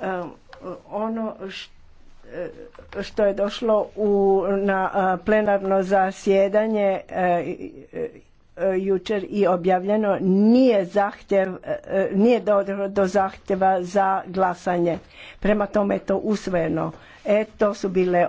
Ehm, ono e, što je došlo u, na plenarno zasjedanje e, e, jučer i objavljeno nije zahtjev, nije do, do zahtjeva za glasanje. Prema tome je to usvojeno. E, to su bile